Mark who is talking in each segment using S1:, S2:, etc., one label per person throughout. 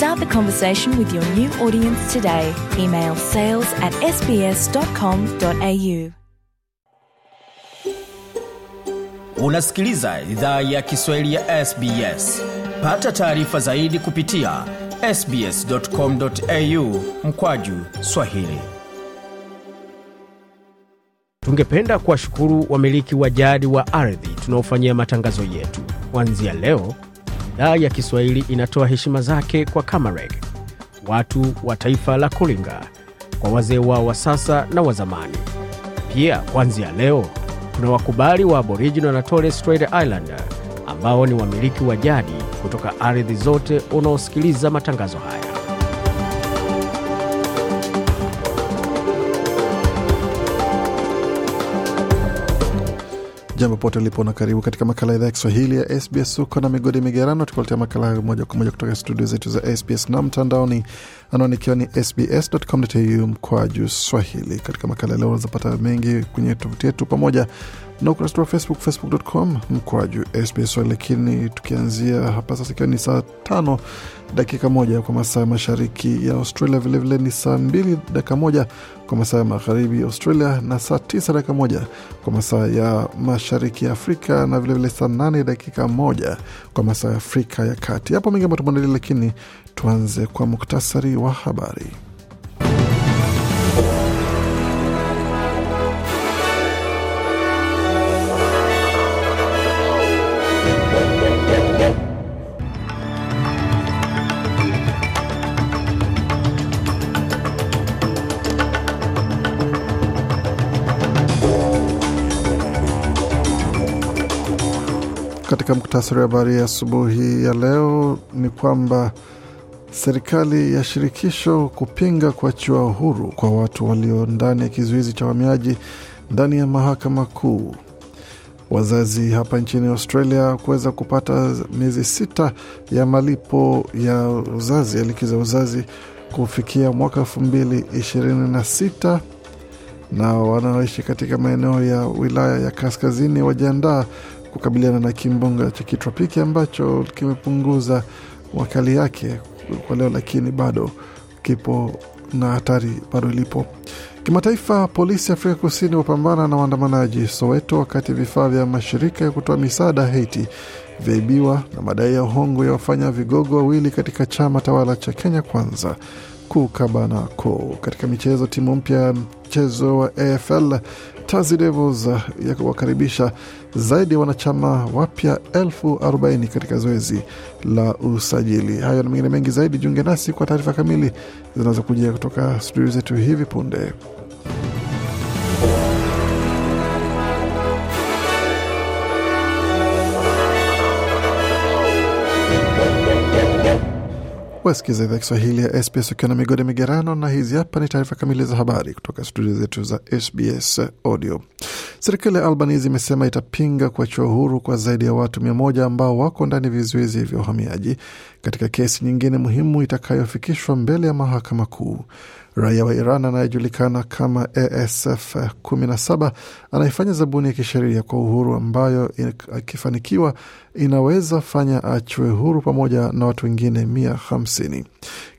S1: Start the conversation with your new audience today. Email sales at sbs.com.au.
S2: Unasikiliza idhaa ya Kiswahili ya SBS. Pata taarifa zaidi kupitia sbs.com.au mkwaju Swahili. Tungependa kuwashukuru wamiliki wa jadi wa ardhi tunaofanyia matangazo yetu. Kuanzia leo idhaa ya Kiswahili inatoa heshima zake kwa Kamareg, watu wa taifa la Kulinga, kwa wazee wao wa sasa na wa zamani. Pia kuanzia leo kuna wakubali wa Aboriginal na Torres Strait Islander ambao ni wamiliki wa jadi kutoka ardhi zote unaosikiliza matangazo haya.
S3: Jambo pote lipo na karibu katika makala idhaa ya Kiswahili ya SBS. huko na migodi migerano, tukuletea makala hayo moja kwa moja kutoka studio zetu za SBS na mtandaoni, anwani ikiwa ni sbs.com.au mkwaju swahili. Katika makala leo unazapata mengi kwenye tovuti yetu pamoja na ukurasa wa Facebook, facebook.com mkwaju SBS. Lakini tukianzia hapa sasa, ikiwa ni saa tano dakika moja kwa masaa ya mashariki ya Australia, vilevile vile ni saa mbili dakika moja kwa masaa ya magharibi ya Australia na saa tisa dakika moja kwa masaa ya mashariki ya Afrika na vilevile saa nane dakika moja kwa masaa ya Afrika ya Kati. yapo mengi ambayo tumeandalia, lakini tuanze kwa muktasari wa habari. katika muktasari wa habari ya asubuhi ya leo ni kwamba serikali ya shirikisho kupinga kuachiwa uhuru kwa watu walio ndani ya kizuizi cha uhamiaji ndani ya mahakama kuu. Wazazi hapa nchini Australia kuweza kupata miezi sita ya malipo ya uzazi ya za uzazi kufikia mwaka elfu mbili ishirini na sita na wanaoishi katika maeneo ya wilaya ya kaskazini wajiandaa kukabiliana na kimbunga cha kitropiki ambacho kimepunguza wakali yake kwa leo, lakini bado kipo na hatari bado ilipo. Kimataifa, polisi Afrika Kusini wapambana na waandamanaji Soweto, wakati vifaa vya mashirika ya kutoa misaada Haiti vyaibiwa na madai ya hongo ya wafanya vigogo wawili katika chama tawala cha Kenya Kwanza kukabanako. Katika michezo, timu mpya ya mchezo wa AFL Tazi Devils ya kuwakaribisha zaidi ya wanachama wapya elfu arobaini katika zoezi la usajili. Hayo na mengine mengi zaidi, jiunge nasi kwa taarifa kamili zinazokujia kutoka studio zetu hivi punde. Wasikiza idhaa Kiswahili ya SBS ukiwa na migode migerano, na hizi hapa ni taarifa kamili za habari kutoka studio zetu za SBS Audio. Serikali ya Albanese imesema itapinga kuachiwa uhuru kwa zaidi ya watu mia moja ambao wako ndani vizuizi vya uhamiaji katika kesi nyingine muhimu itakayofikishwa mbele ya mahakama kuu. Raia wa Iran anayejulikana kama ASF 17 anaifanya zabuni ya kisheria kwa uhuru ambayo akifanikiwa inaweza fanya achwe huru pamoja na watu wengine mia hamsini.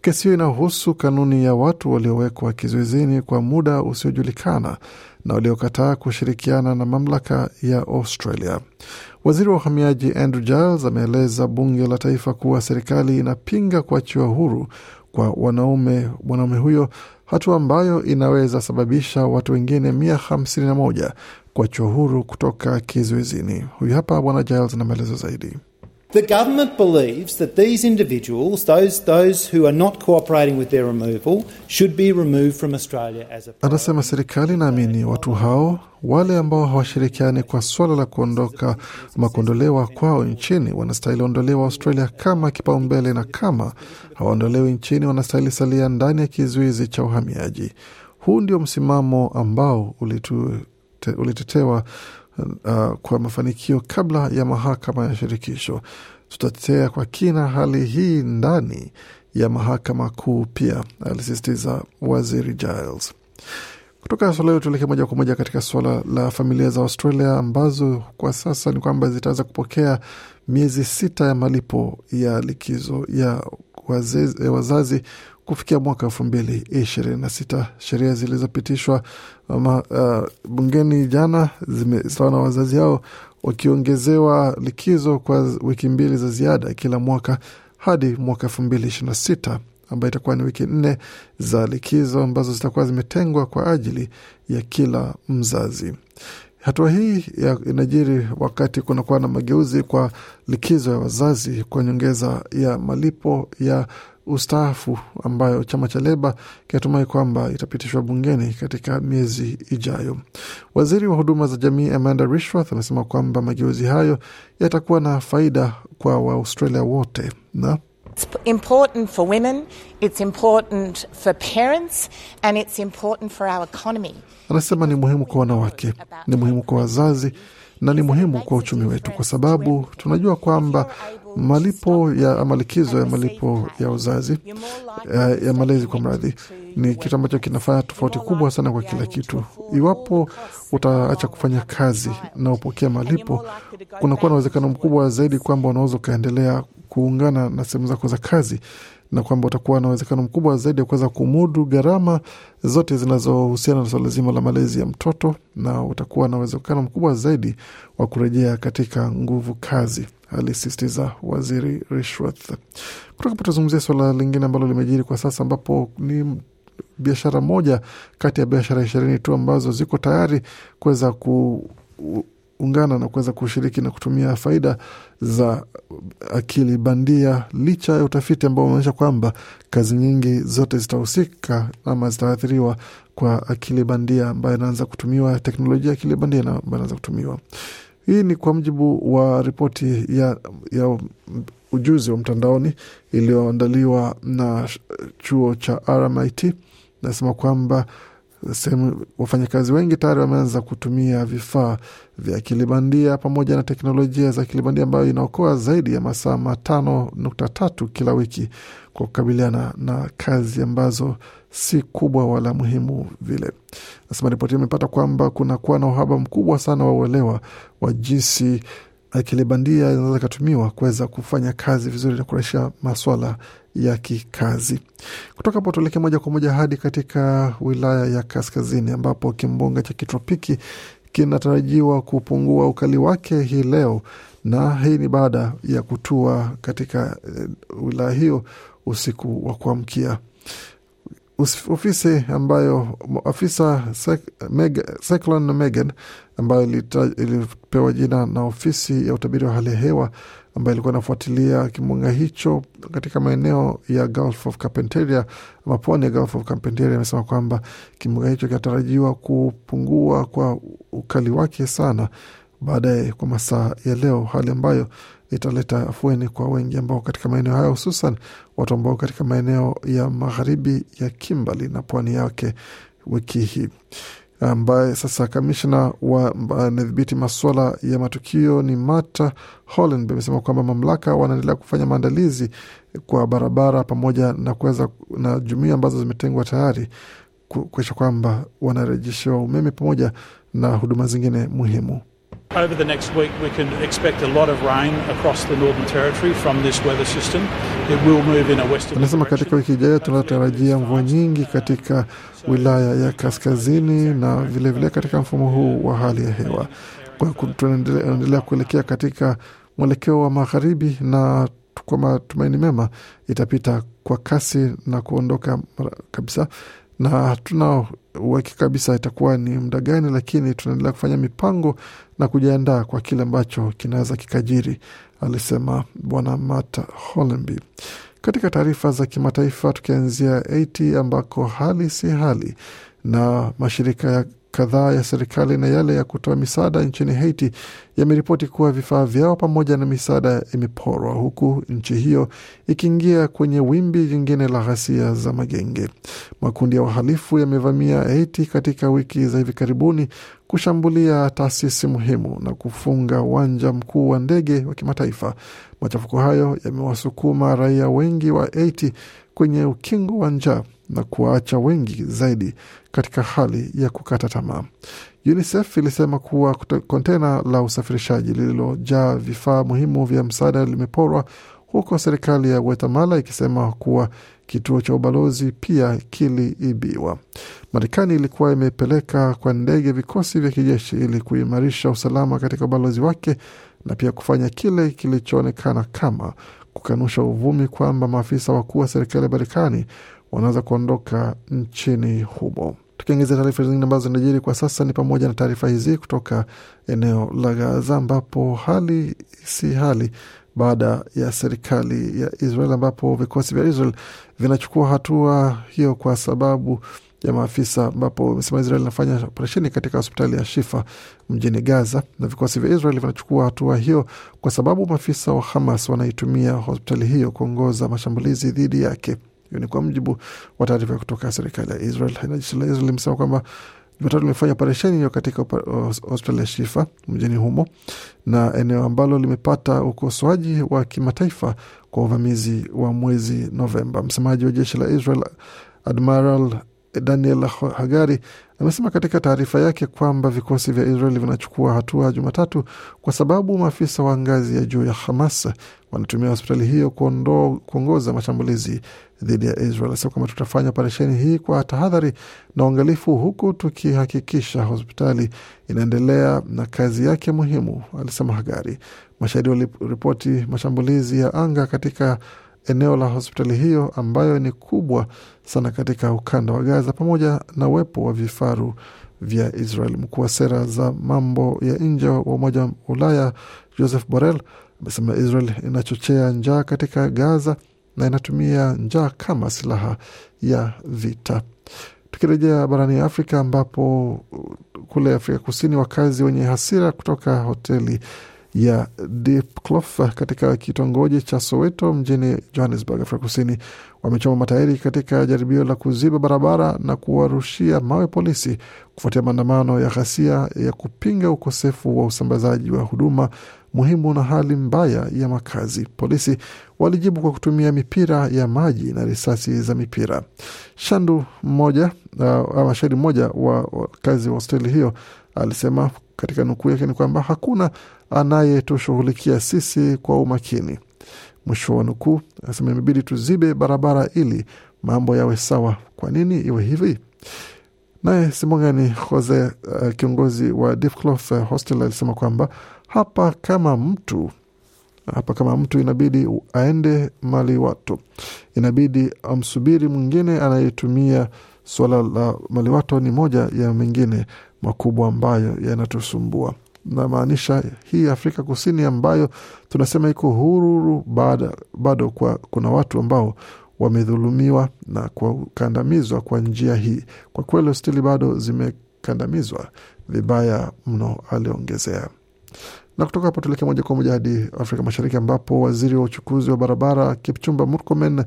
S3: Kesi hiyo inahusu kanuni ya watu waliowekwa kizuizini kwa muda usiojulikana na waliokataa kushirikiana na mamlaka ya Australia. Waziri wa uhamiaji Andrew Giles ameeleza bunge la taifa kuwa serikali inapinga kuachiwa huru kwa wanaume mwanaume huyo hatua ambayo inaweza sababisha watu wengine mia hamsini na moja kuachwa huru kutoka kizuizini. Huyu hapa Bwana Giles na maelezo zaidi. The government believes that these individuals, those, those who are not
S1: cooperating with their removal, should be removed from Australia as a
S3: Anasema serikali inaamini watu hao wale ambao hawashirikiani kwa swala la kuondoka ama kuondolewa kwao nchini wanastahili ondolewa Australia kama kipaumbele, na kama hawaondolewi nchini wanastahili salia ndani ya kizuizi cha uhamiaji. Huu ndio msimamo ambao ulitu, te, ulitetewa uh, kwa mafanikio kabla ya mahakama ya shirikisho. Tutatetea kwa kina hali hii ndani ya mahakama kuu pia, alisisitiza waziri Giles. Kutoka swala hilo tuelekee moja kwa moja katika suala la familia za Australia ambazo kwa sasa ni kwamba zitaweza kupokea miezi sita ya malipo ya likizo ya wazazi Kufikia mwaka elfu mbili ishirini na sita, sheria zilizopitishwa uh, bungeni jana zimesawa na wazazi hao wakiongezewa likizo kwa wiki mbili za ziada kila mwaka hadi mwaka elfu mbili ishirini na sita ambayo itakuwa ni wiki nne za likizo ambazo zitakuwa zimetengwa kwa ajili ya kila mzazi. Hatua hii inajiri wakati kunakuwa na mageuzi kwa likizo ya wazazi kwa nyongeza ya malipo ya ustaafu ambayo chama cha Leba kinatumai kwamba itapitishwa bungeni katika miezi ijayo. Waziri wa huduma za jamii Amanda Rishworth amesema kwamba mageuzi hayo yatakuwa na faida kwa Waaustralia wote na anasema ni muhimu kwa wanawake, ni muhimu kwa wazazi na ni muhimu kwa uchumi wetu, kwa sababu tunajua kwamba malipo ya malikizo ya malipo ya uzazi ya malezi kwa mradhi ni kitu ambacho kinafanya tofauti kubwa sana kwa kila kitu. Iwapo utaacha kufanya kazi na upokea malipo, kunakuwa na uwezekano mkubwa zaidi kwamba unaweza ukaendelea kuungana na sehemu zako za kazi na kwamba utakuwa na uwezekano mkubwa zaidi ya kuweza kumudu gharama zote zinazohusiana na swala zima la malezi ya mtoto, na utakuwa na uwezekano mkubwa zaidi wa kurejea katika nguvu kazi, alisisitiza waziri Rishwath. Kutoka po tuzungumzia swala lingine ambalo limejiri kwa sasa, ambapo ni biashara moja kati ya biashara ishirini tu ambazo ziko tayari kuweza ku ungana na kuweza kushiriki na kutumia faida za akili bandia, licha ya utafiti ambao umeonyesha kwamba kazi nyingi zote zitahusika ama zitaathiriwa kwa akili bandia ambayo inaanza kutumiwa, teknolojia akili bandia ambayo inaanza kutumiwa. Hii ni kwa mujibu wa ripoti ya, ya ujuzi wa mtandaoni iliyoandaliwa na chuo cha RMIT, nasema kwamba sehemu wafanyakazi wengi tayari wameanza kutumia vifaa vya kilibandia pamoja na teknolojia za kilibandia ambayo inaokoa zaidi ya masaa matano nukta tatu kila wiki kwa kukabiliana na kazi ambazo si kubwa wala muhimu vile. Nasema ripoti imepata kwamba kunakuwa na uhaba mkubwa sana wa uelewa wa jinsi akili bandia inaweza ikatumiwa kuweza kufanya kazi vizuri na kurahisha maswala ya kikazi. Kutoka hapo tuelekee moja kwa moja hadi katika wilaya ya Kaskazini ambapo kimbunga cha kitropiki kinatarajiwa kupungua ukali wake hii leo, na hii ni baada ya kutua katika eh, wilaya hiyo usiku wa kuamkia ofisi ambayo afisa Cyclone Megan ambayo ilipewa jina na ofisi ya utabiri wa hali ya hewa ambaye alikuwa anafuatilia kimbunga hicho katika maeneo ya Gulf of Carpentaria ama pwani ya Gulf of Carpentaria amesema kwamba kimbunga hicho kinatarajiwa kupungua kwa ukali wake sana baadaye kwa masaa ya leo, hali ambayo italeta afueni kwa wengi ambao katika maeneo hayo, hususan watu ambao katika maeneo ya magharibi ya Kimberley na pwani yake wiki hii ambaye sasa kamishna wa anadhibiti maswala ya matukio ni mata Hollenberg amesema kwamba mamlaka wanaendelea kufanya maandalizi kwa barabara pamoja na kuweza na jumuia ambazo zimetengwa tayari kuesha kwamba wanarejeshewa umeme pamoja na huduma zingine muhimu. Over the next week, we can expect a lot of rain across the Northern Territory from this weather system. It will move in a western Anasema katika wiki ijayo tunatarajia mvua nyingi katika wilaya ya kaskazini na vilevile vile katika mfumo huu wa hali ya hewa. Kwa tunaendelea kuelekea katika mwelekeo wa magharibi na kwa matumaini mema itapita kwa kasi na kuondoka kabisa, na hatuna uhakika kabisa itakuwa ni muda gani, lakini tunaendelea kufanya mipango na kujiandaa kwa kile ambacho kinaweza kikajiri, alisema Bwana Mata Holenby. Katika taarifa za kimataifa, tukianzia Haiti ambako hali si hali na mashirika ya kadhaa ya serikali na yale ya kutoa misaada nchini Haiti yameripoti kuwa vifaa vyao pamoja na misaada imeporwa, huku nchi hiyo ikiingia kwenye wimbi jingine la ghasia za magenge. Makundi ya wahalifu yamevamia Haiti katika wiki za hivi karibuni, kushambulia taasisi muhimu na kufunga uwanja mkuu wa ndege wa kimataifa. Machafuko hayo yamewasukuma raia wengi wa Haiti kwenye ukingo wa njaa na kuwaacha wengi zaidi katika hali ya kukata tamaa. UNICEF ilisema kuwa kontena la usafirishaji lililojaa vifaa muhimu vya msaada limeporwa huko, serikali ya Guatemala ikisema kuwa kituo cha ubalozi pia kiliibiwa. Marekani ilikuwa imepeleka kwa ndege vikosi vya kijeshi ili kuimarisha usalama katika ubalozi wake na pia kufanya kile kilichoonekana kama kukanusha uvumi kwamba maafisa wakuu wa serikali ya Marekani wanaweza kuondoka nchini humo. Tukiangazia taarifa zingine ambazo zinajiri kwa sasa ni pamoja na taarifa hizi kutoka eneo la Gaza ambapo hali si hali baada ya serikali ya Israel ambapo vikosi vya Israel vinachukua hatua hiyo kwa sababu ya maafisa, ambapo imesema Israel inafanya operesheni katika hospitali ya Shifa mjini Gaza, na vikosi vya Israel vinachukua hatua hiyo kwa sababu maafisa wa Hamas wanaitumia hospitali hiyo kuongoza mashambulizi dhidi yake. Hiyo ni kwa mjibu wa taarifa kutoka serikali ya Israel. Na jeshi la Israel limesema kwamba Jumatatu limefanya operesheni hiyo katika hospitali ya Shifa mjini humo, na eneo ambalo limepata ukosoaji wa kimataifa kwa uvamizi wa mwezi Novemba. Msemaji wa jeshi la Israel Admiral Daniel Hagari amesema katika taarifa yake kwamba vikosi vya israel vinachukua hatua Jumatatu kwa sababu maafisa wa ngazi ya juu ya Hamas wanatumia hospitali hiyo kuongoza mashambulizi dhidi ya Israel. Anasema kwamba tutafanya operesheni hii kwa tahadhari na uangalifu, huku tukihakikisha hospitali inaendelea na kazi yake muhimu, alisema Hagari. Mashahidi waliripoti mashambulizi ya anga katika eneo la hospitali hiyo ambayo ni kubwa sana katika ukanda wa Gaza, pamoja na uwepo wa vifaru vya Israel. Mkuu wa sera za mambo ya nje wa Umoja wa Ulaya Joseph Borrell amesema Israel inachochea njaa katika Gaza na inatumia njaa kama silaha ya vita. Tukirejea barani Afrika, ambapo kule Afrika Kusini wakazi wenye hasira kutoka hoteli ya Diplof katika kitongoji cha Soweto mjini Johannesburg, Afrika Kusini, wamechoma matairi katika jaribio la kuziba barabara na kuwarushia mawe polisi kufuatia maandamano ya ghasia ya kupinga ukosefu wa usambazaji wa huduma muhimu na hali mbaya ya makazi. Polisi walijibu kwa kutumia mipira ya maji na risasi za mipira. Shandu mmoja uh, ama shahidi mmoja wa wakazi wa hosteli hiyo alisema katika nukuu yake ni kwamba hakuna anayetushughulikia sisi kwa umakini. Mwisho wa nukuu. Anasema imebidi tuzibe barabara ili mambo yawe sawa. Kwa nini iwe hivi? Naye Simoga ni Jose, uh, kiongozi wa Difclof uh, eh, Hostel alisema kwamba hapa kama mtu hapa kama mtu inabidi aende mali watu, inabidi amsubiri mwingine anayetumia. Suala la mali watu ni moja ya mengine makubwa ambayo yanatusumbua. Namaanisha hii Afrika Kusini ambayo tunasema iko huru bado, bado kwa, kuna watu ambao wamedhulumiwa na kukandamizwa kwa njia hii. Kwa kweli hosteli bado zimekandamizwa vibaya mno, aliongezea. Na kutoka hapo tuelekee moja kwa moja hadi Afrika Mashariki, ambapo waziri wa uchukuzi wa barabara Kipchumba Murkomen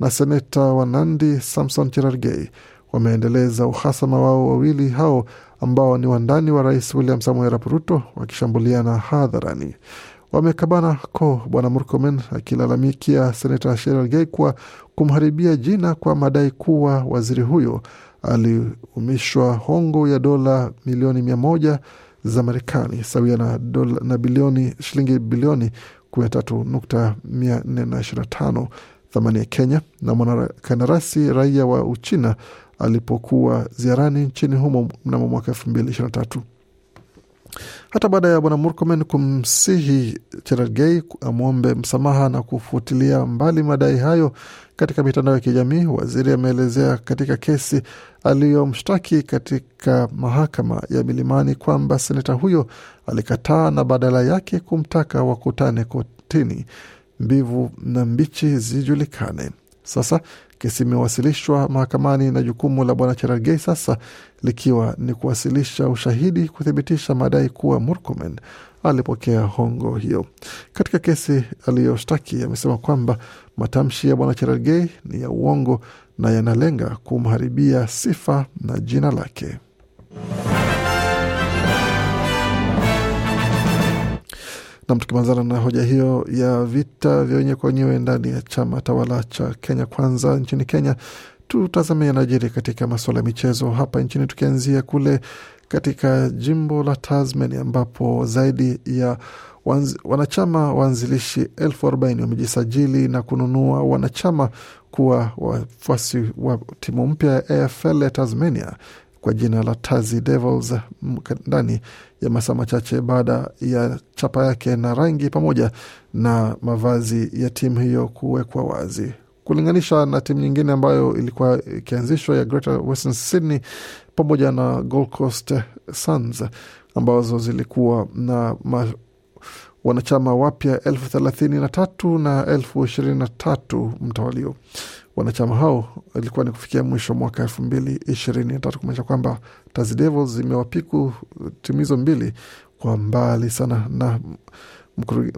S3: na seneta wa Nandi Samson Cherargei wameendeleza uhasama wao wawili hao ambao ni wandani wa rais William Samuel Arap Ruto wakishambuliana hadharani. Wamekabana ko Bwana Murkomen akilalamikia seneta Sherargei kwa kumharibia jina kwa madai kuwa waziri huyo aliumishwa hongo ya dola milioni mia moja za Marekani sawia na, dola, na bilioni shilingi bilioni tano thamani ya Kenya na mwanakandarasi raia wa Uchina alipokuwa ziarani nchini humo mnamo mwaka elfu mbili ishirini na tatu. Hata baada ya bwana Murkomen kumsihi Cherargei amwombe msamaha na kufuatilia mbali madai hayo katika mitandao ya kijamii, waziri ameelezea katika kesi aliyomshtaki katika mahakama ya Milimani kwamba seneta huyo alikataa na badala yake kumtaka wakutane kotini, mbivu na mbichi zijulikane. Sasa Kesi imewasilishwa mahakamani na jukumu la bwana Cherargei sasa likiwa ni kuwasilisha ushahidi kuthibitisha madai kuwa Murkomen alipokea hongo hiyo. Katika kesi aliyoshtaki, amesema kwamba matamshi ya bwana Cherargei ni ya uongo na yanalenga kumharibia sifa na jina lake. Nam, tukimalizana na hoja hiyo ya vita vya wenyewe kwa wenyewe ndani ya chama tawala cha Kenya Kwanza nchini Kenya, tutazame yanajiri katika masuala ya michezo hapa nchini, tukianzia kule katika jimbo la Tasmania ambapo zaidi ya wanachama waanzilishi elfu arobaini wamejisajili na kununua wanachama kuwa wafuasi wa timu mpya ya AFL ya Tasmania kwa jina la Tazi Devils ndani ya masaa machache baada ya chapa yake na rangi pamoja na mavazi ya timu hiyo kuwekwa wazi kulinganisha na timu nyingine ambayo ilikuwa ikianzishwa ya Greater Western Sydney pamoja na Gold Coast Suns ambazo zilikuwa na ma, wanachama wapya elfu thelathini na tatu na elfu ishirini na tatu mtawalio wanachama hao ilikuwa ni kufikia mwisho mwaka elfu mbili ishirini na tatu kumaanisha kwamba Tazi zimewapiku timu hizo mbili kwa mbali sana. Na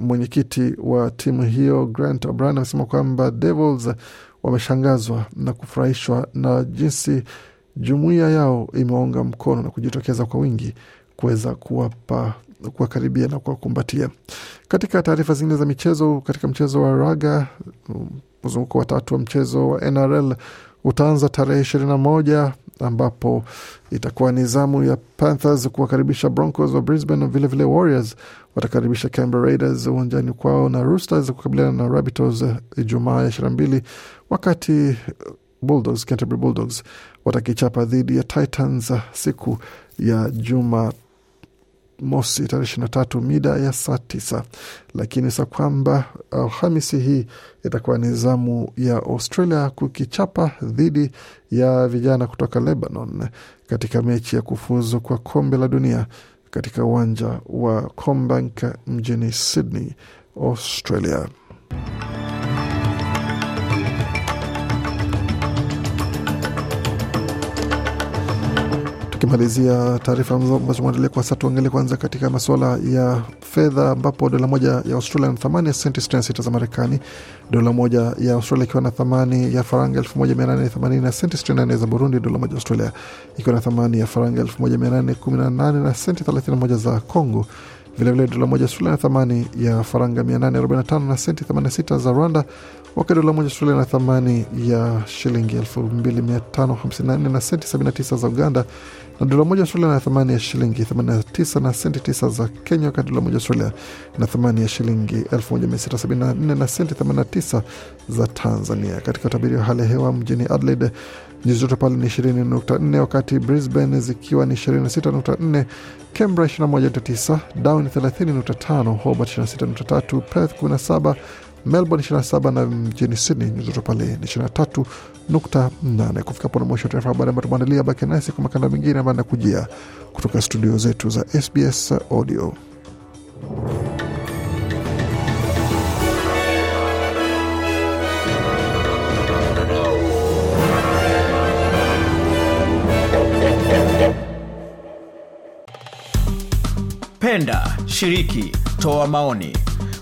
S3: mwenyekiti wa timu hiyo Grant obran amesema kwamba Devils wameshangazwa na kufurahishwa na jinsi jumuiya yao imewaunga mkono na kujitokeza kwa wingi kuweza kuwapa kuwakaribia na kuwakumbatia. Katika taarifa zingine za michezo, katika mchezo wa raga mzunguko wa tatu wa mchezo wa NRL utaanza tarehe ishirini na moja ambapo itakuwa ni zamu ya Panthers kuwakaribisha Broncos wa Brisbane, vilevile Warriors watakaribisha Canberra Raiders uwanjani kwao na Roosters kukabiliana na Rabbitohs Ijumaa ya ishirini na mbili wakati Bulldogs, Canterbury Bulldogs watakichapa dhidi ya Titans siku ya Jumatatu mosi tarehe ishirini na tatu mida ya saa tisa, lakini sa kwamba Alhamisi hii itakuwa ni zamu ya Australia kukichapa dhidi ya vijana kutoka Lebanon katika mechi ya kufuzu kwa kombe la dunia katika uwanja wa Combank mjini Sydney, Australia. Tukimalizia taarifa ambazo tumeandalia kwa sasa, tuangalie kwanza katika masuala ya fedha, ambapo dola moja ya Australia na thamani ya senti 66 za Marekani, dola moja ya Australia ikiwa na thamani ya faranga 1880 na senti 68 za Burundi, dola moja ya Australia ikiwa na thamani ya faranga 1818 na senti 31 za Congo. Vilevile dola moja Australia na thamani ya faranga 845 na senti 86 za Rwanda, wakati dola moja Australia na thamani ya shilingi 2554 na senti 79 za Uganda na dola moja Australia na thamani ya shilingi 89 na senti 9 za Kenya, wakati dola moja Australia na thamani ya shilingi 1674 na senti 89 za Tanzania. Katika utabiri wa hali ya hewa mjini Adelaide nyuzi joto pale ni 20.4, wakati Brisbane zikiwa ni 26.4, Canberra 21.9, Darwin 30.5, Hobart 26.3, Perth 17 Melbourne 27 na mjini Sydney nyuzi joto pale ni 23.8. Kufika hapo na mwisho wa taarifa habari ambayo tumeandalia. Baki nasi kwa makala mengine ambayo nakujia kutoka studio zetu za SBS Audio.
S2: Penda, shiriki, toa maoni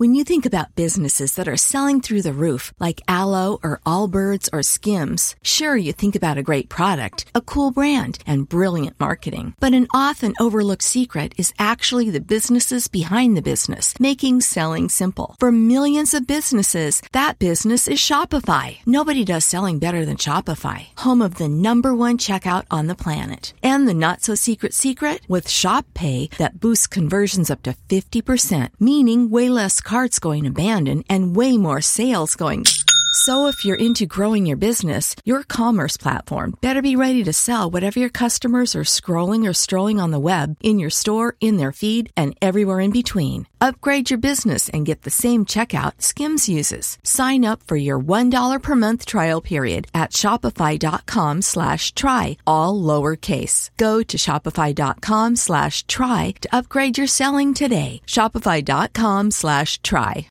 S1: When you think about businesses that are selling through the roof, like Aloe or Allbirds or Skims, sure, you think about a great product, a cool brand, and brilliant marketing. But an often overlooked secret is actually the businesses behind the business, making selling simple. For millions of businesses, that business is Shopify. Nobody does selling better than Shopify, home of the number one checkout on the planet. And the not so secret secret with Shop Pay that boosts conversions up to 50%, meaning way less carts going abandoned and way more sales going. So if you're into growing your business, your commerce platform better be ready to sell whatever your customers are scrolling or strolling on the web, in your store, in their feed, and everywhere in between. Upgrade your business and get the same checkout Skims uses. Sign up for your $1 per month trial period at shopify.com slash try, all lowercase. Go to shopify.com slash try to upgrade your selling today. Shopify.com slash try.